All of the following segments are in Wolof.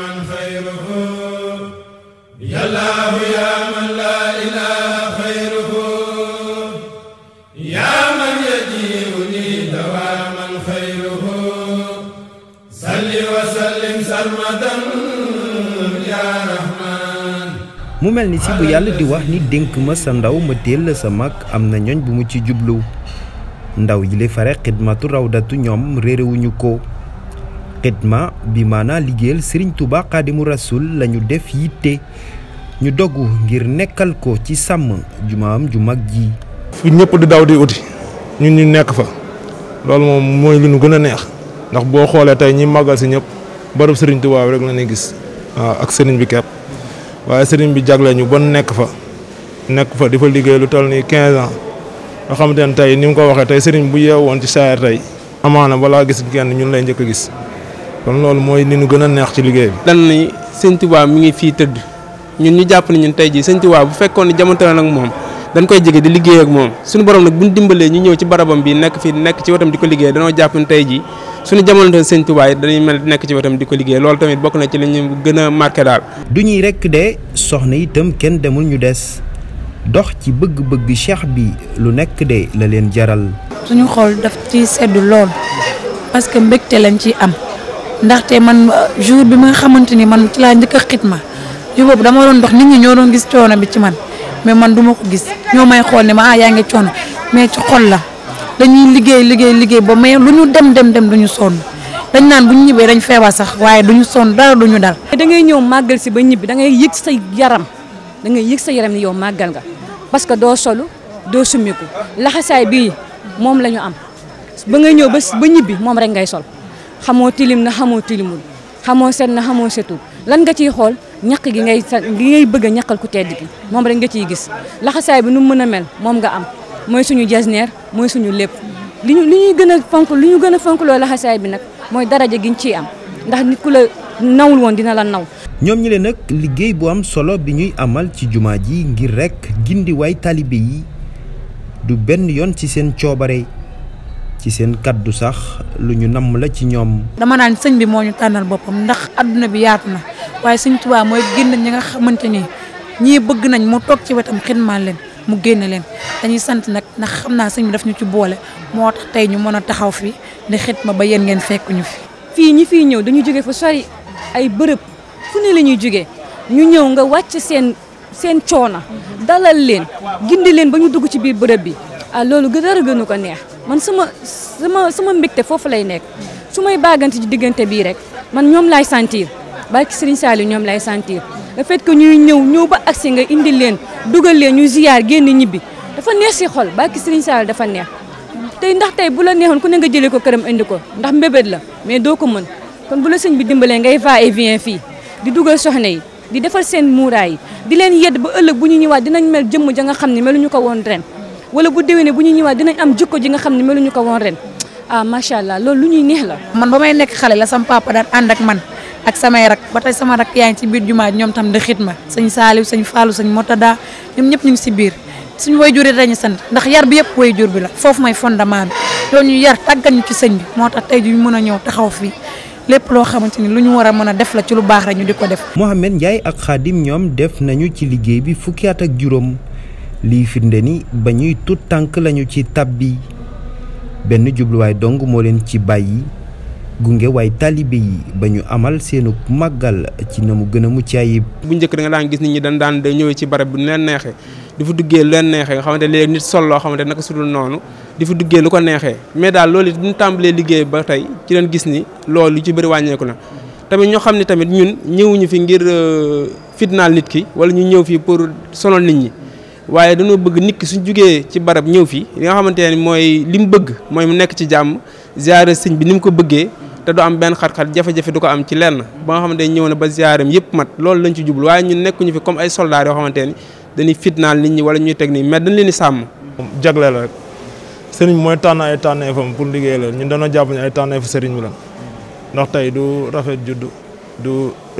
من خيره يا الله يا من لا إله خيره يا من يجيبني دواما خيره صل وسلم سرمدا يا mu mel ni si bu yalla di wax ni denk ma sa ndaw ma del sa mak am na ñooñ bu mu ci jublu ndaw yi le faré khidmatu rawdatu ñoom réerewuñu ko xidma bi mana liggéeyal Serigne Touba Xaadimu Rasul la def yité ñu doggu ngir nekkal ko ci sam jumaam ju mag ji. fi ñëpp di daw di outi ñun ñu nekk fa lool mom moy lu ñu gëna neex ndax bo xolé tay ñi magal ci ñëpp barab Serigne Touba rek la ne gis ak Serigne bi kep waye Serigne bi jaglé ñu bon nekk fa nekk fa difa fa lu toll 15 ans nga xamante tay ni ko waxe tay Serigne bu yewon ci saar tay amana wala gis ñun lay ñëk gis. kon loolu mooy li nu gën a neex ci liggéey bi. dan ni sëñ Tuubaa mu ngi fii tëdd ñun ñu jàpp ne ñun tey jii sëñ Tuubaa bu fekkoon ne jamono nag moom dañ koy jege di liggéey ak moom suñu borom nag bu ñu dimbalee ñu ñëw ci barabam bi nekk fii nekk ci wetam di ko liggéey danoo jàpp ne tey jii suñu jamono sëñ Tuubaa dañuy mel nekk ci wetam di ko liggéey loolu tamit bokk na ci li ñu gën a marqué daal. du ñuy rekk de soxna itam kenn demul ñu des dox ci bëgg-bëgg cheikh bi lu nekk de la leen jaral. suñu xol daf ci sedd lool parce que mbégte lañ ci am ndaxte man euh, jour bi ma nga xamante ni man ci laa njëkk a xitma jour boobu dama doon dox nit ñi ñoo doon gis coono bi ci man mais man duma ko gis ñoo may xool ne ma ah yaa ngi coono mais ci xol la dañuy liggéey liggéey liggéey ba mais lu ñu dem dem dem duñu soon dañ naan bu ñu ñibbee dañ feebar sax waaye duñu sonn dara duñu dal. dangay ñëw màggal si ba ñibbi da ngay yëg sa yaram da ngay yëg sa yaram ni yow màggal nga parce que doo solu doo summiku laxasaay bii moom la ñu am ba ngay ñëw ba ba ñibbi moom rek ngay sol. xamoo tilim na xamoo tilimul xamoo set na xamoo setul lan nga ciy xool ñaq gi ngay sa gi ngay bëgg a ñaqal ku tedd gi moom rek nga ciy gis laxasaay bi nu mën a mel moom nga am mooy suñu jasneer mooy suñu lépp li ñu ñuy gën a fonk li ñu gën a fonk loo laxasaay bi nag mooy daraja gi ñu ciy am ndax nit ku la nawul woon dina la naw ñoom ñi leen nag liggéey bu am solo bi ñuy amal ci jumaa ji ngir rek gindiwaay taalibe yi du benn yoon ci seen coobare ci seen kaddu sax lu ñu namm la ci ñoom. dama naan sëñ bi moo ñu tànnal boppam ndax adduna bi yaatu na waaye sëñ waa mooy génn ñi nga xamante ni ñii bëgg nañ mu toog ci wetam xidmaal leen mu génn leen dañuy sant nag ndax xam naa sëñ bi ci boole moo tax tey ñu mën a taxaw fi di xidma ba yéen ngeen fekk ñu fi. fii ñi fiy ñëw dañuy jóge fa sori ay bërëb fu ne la ñuy jóge ñu ñëw nga wàcc seen seen coono dalal leen gindi leen ba ñu dugg ci biir bërëb bi ah loolu gën a ko neex. man suma sama sama mbégte foofu lay nekk sumay may baagante ci diggante bii rek man ñoom laay sentir barki Serigne Saliou ñoom laay sentir le fait que ñuy ñëw ñëw ba si nga indi leen dugal leen ñu ziyaar génn ñibbi dafa neex si xol barki Serigne Saliou dafa neex tey ndax tey bu la neexoon ku ne nga jëlee ko këram indi ko ndax mbébét la mais doo ko mën kon bu la sëñ bi dimbalee ngay va et vient fii di dugal soxna yi di defal seen muuraay yi di leen yedd ba ëllëg bu ñu ñëwaat dinañ mel jëmm ja nga xam ne meluñu ko woon ren wala bu déwénee bu ñu ñëwaat dinañ am jikko ji nga xam ne meluñu ko woon ren ah macha allah loolu lu ñuy neex la. man ba may nekk xale la sam papa daan ànd ak man ak samay rak ba tey sama rak yaa ngi ci biir jumaa ñoom tam di xitma sëñ Saaliw sëñ Faalu sëñ Motada ñoom ñëpp ñu ngi si biir suñu waajur yi dañu sant ndax yar bi yëpp waajur bi la foofu mooy fondement bi loolu ñu yar tàggat ñu ci sëñ bi moo tax tey du ñu mën a ñëw taxaw fii lépp loo xamante ni lu ñu war a mën a def la ci lu baax rek ñu di ko def. Mohamed Ndiaye ak Khadim ñoom def nañu ci liggéey bi fukki at ak juróom lii fitnde ni ba ñuy tut tànk lañu ci tàbbi benn jubluwaay dong moo leen ci bàyyi gunge waay taalibe yi ba ñu amal seenu màggal ci na mu gën a mucc ayib. bu njëkk da nga daan gis nit ñi dañ daan day ñëwee ci barab bu leen neexee di fa duggee lu leen neexee nga xamante ne nit sol loo xamante naka sudul noonu di fa duggee lu ko neexee mais daal loolu it bu tàmbalee liggéey ba tey ci leen gis ni loolu lu ci bëri wàññeeku na. tamit ñoo xam ne tamit ñun ñëwuñu fi ngir euh, fitnaal nit ki wala ñu ñëw fii pour sonal nit ñi. waaye dañoo bëgg nit ki suñ jugee ci barab ñëw fii li nga xamante ne mooy li mu bëgg mooy mu nekk ci jàmm ziare sëñ bi ni mu ko bëggee te du am benn xat-xat jafe-jafe du ko am ci lenn ba nga xamante ne ñëw na ba ziaram yëpp mat loolu lañ ci jublu waaye ñun nekkuñu fi comme ay soldats yoo xamante ni dañuy fitnaal nit ñi wala ñuy teg nii mais dañ leen di sàmm. jagleel rek sëriñ mooy tànn ay tànneefam pour liggéey la ñun dañoo jàpp ne ay tànneefu sëriñ bi la ndax tey du rafet juddu du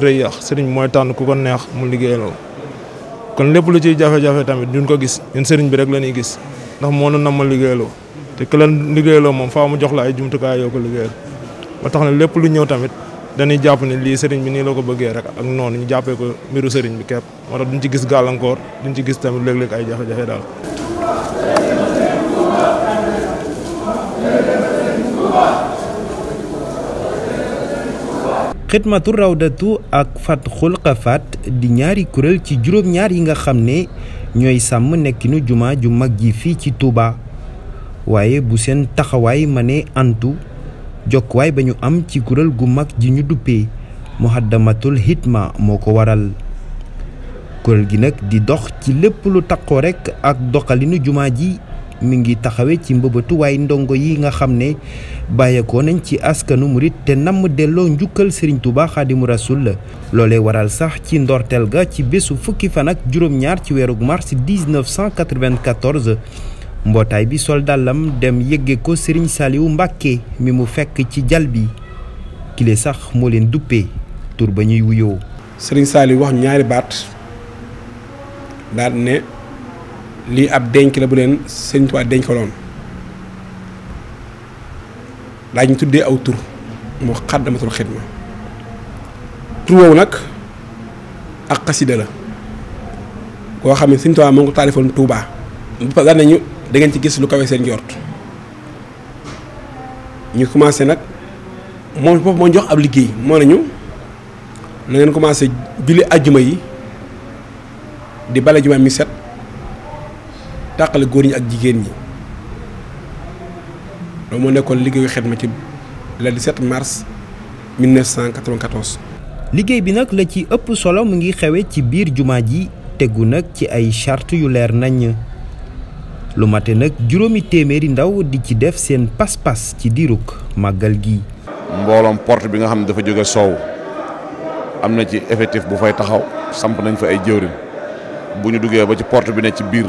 rëy yax sëriñ mooy tànn ku ko neex mu liggéeyaloo kon lépp lu ciy jafe-jafe tamit duñ ko gis ñun sëriñ bi rek la ñuy gis ndax moo nu namm liggéeyloo te ku leen liggéeyloo moom faaw mu jox la ay jumtukaay yoo ko liggéeyal ba tax na lépp lu ñëw tamit dañuy jàpp ne lii sëriñ bi nii la ko bëggee rek ak noonu ñu jàppee ko mbiru sëriñ bi kepp moo tax duñ ci gis gàllankoor duñ ci gis tamit léeg-léeg ay jafe-jafe daal khidmatur rawdatu ak fatxul dinyari di ñaari kurel ci juroom ñaar yi nga xamne ñoy sam ñu juma ju maggi fi ci Touba waaye bu sen taxaway mané antu jokkuwaay way bañu am ci kurel gu mag ji ñu duppé muhaddamatul hitma moko waral kurel gi nak di dox ci lepp lu takko rek ak ñu juma ji mi ngi taxawee ci mbëbëtu waaye ndongo yi nga xam ne bàyyeekoo nañ ci askanu murit te namm delloo njukkal Serigne Touba Xaadimu Rasul la. loolee waral sax ci ndorteel ga ci bésu fukki fan ak juróom-ñaar ci weerug mars 1994 mbootaay bi sol dàllam dem yëgge ko sëriñ Saliou Mbacke mi mu fekk ci jal bi kile sax moo leen duppee tur ba ñuy wuyoo. Serigne Saliou ñaari baat li ab denk la bu len leen touba denk lon lañ tuddé aw tour mo khadamatul khidma tour wo nak ak qasida la ko xamé ne touba mo ngi talifon touba bu ba dañu da ngeen ci gis lu kawé seen jort ñu commencé nak mo foofu mo jox ab liggéey mo nañu na ngeen commencé julli aljuma yi di balé jumaa mi set takal goor ñi ak jigen ñi loolu moo nekkoon liggéeyu xedma ci le 17 mars 1994. liggéey bi nak la ci ëpp solo mu ngi xewé ci biir jumaa ji tegu ci ay charte yu leer nañ lu maté nak juróomi téméri ndaw di ci def seen pas-pas ci diruk magal gi. mbolom porte bi nga xam dafa jóge sow amna ci effectif bu fay taxaw samp nañ fa ay jëwriñ buñu duggé ba ci porte bi ne ci biir.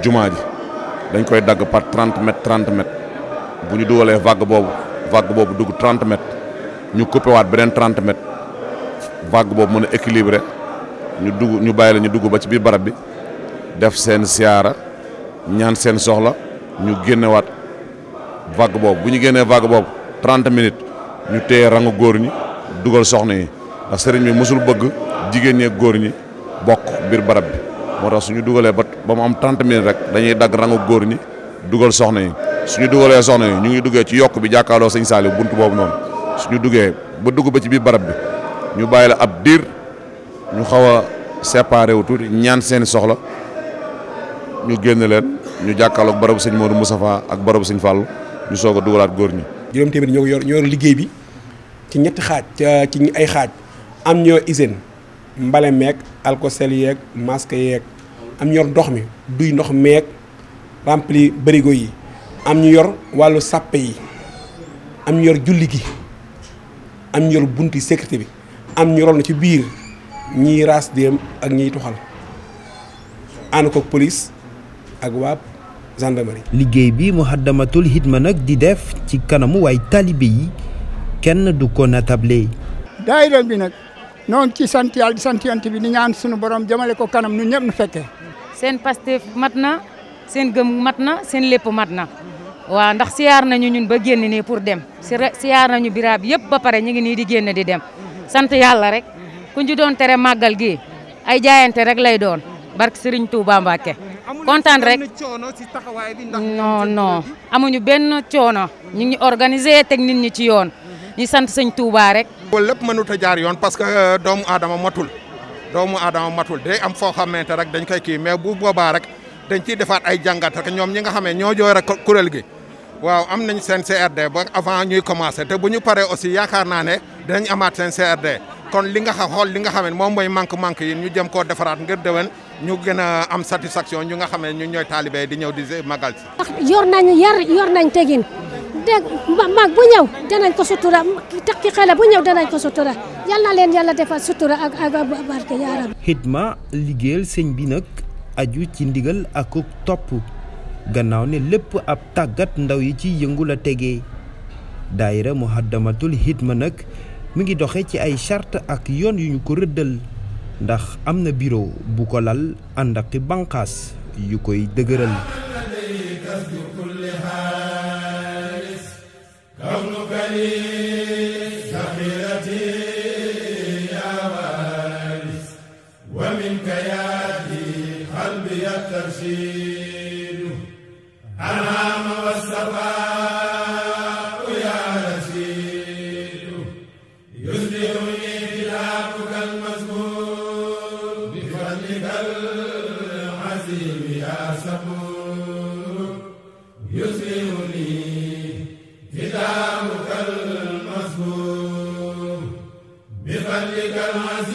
jumaa ji dañ koy dagg par trente mètres trente mètres bu ñu dugalee vague boobu vague boobu dugg trente mètres ñu coupé waat beneen trente mètres vague boobu mën a équilibré ñu dugg ñu bàyyi la ñu dugg ba ci biir barab bi def seen siyaara ñaan seen soxla ñu génnewaat vague boobu bu ñu génnee vague boobu trente minutes ñu téye rangu góor ñi dugal soxna yi ndax sëriñ bi mosul bëgg jigéen ñee góor ñi bokk biir barab bi. moo tax suñu dugalee ba ba mu am trente minutes rek dañuy dagg rangu góor ñi dugal soxna yi suñu dugalee soxna yi ñu ngi duggee ci yokk bi jàkkaarloo sëñ saali bunt boobu noonu ñu duggee ba dugg ba ci biir barab bi ñu bàyyi la ab diir ñu xaw a séparé wu tuuti ñaan seeni soxla ñu génn leen ñu jàkkaarloog barabu sëñ Modou Moustapha ak barabu sëñ Fall ñu soog a dugalaat góor ñi. juróom téeméer ñoo yor ñoo yor liggéey bi ci ñetti xaaj ci ay xaaj am ñoo hygiène. mbale meeg alcosel yeeg masque yeeg am ñu yor ndox mi duy ndox meek rempli bërigo yi am ñu yor wàllu sàppe yi am ñu yor julli gi am ñu yor bunti sécurité bi am ñu na ci biir ñiy raas dem ak ñiy tuxal ànd ko polis ak waa gendarmerie. liggéey bi Muxaddamatul Xidma nag di def ci kanamu waay taalibe yi kenn du ko natable. daayira bi nag. noo ci sant yàlla di sant yonent bi di ñaan suñu borom jëmale ko kanam nu ñëpp nu fekkee. seen Pastef mat na seen gëm mat na seen lépp mat na waaw ndax siyaar nañu ñun ba génn nii pour dem siyaar nañu biraab yëpp ba pare ñu ngi nii di génn di dem sant yàlla rek ku ñu doon tere màggal gi ay jaayante rek lay doon barke Serigne Touba Mbacké kontaan rek non non amuñu benn coono ñu ngi organisé teg nit ñi ci yoon. di sant sëñ Touba rek. loolu lép mënut a jaar yoon parce que euh, doomu aadama matul doomu aadama matul day am foo xamante rek dañ koy kii mais bu boobaa rek dañ ciy defaat ay jàngat rek ñoom ñi nga xamee ñoo jooy rek kuréel gi. waaw am nañ seen CRD ba avant ñuy commencé te bu ñu paree aussi yaakaar naa ne dinañ amaat seen CRD kon li nga xam xool li nga xam moom mooy manque-manque yi ñu jem koo defaraat ngir déwén ñu gën a am satisfaction ñu nga xam ne ñu ñooy taalibe di ñëw di magal si. dégg mag bu ñëw danañ ko sutura takki xale bu ñëw danañ ko sutura yal leen yàlla defal sutura ak ak barke yaa rabbi xidma liggéeyal sëñ bi nag aju ci ndigal ak topp gannaaw ne lépp ab tàggat ndaw yi ci yëngu la tegee daayira muhaddamatul xidma nag mi ngi doxe ci ay charte ak yoon yu ñu ko rëddal ndax am bureau bu ko lal ànd ak yu koy dëgëral الترشيد أنعم والصفاء يا رشيد يسلمني كتابك المذكور بفضلك العظيم يا صبور يسلمني كتابك المذكور بفضلك العظيم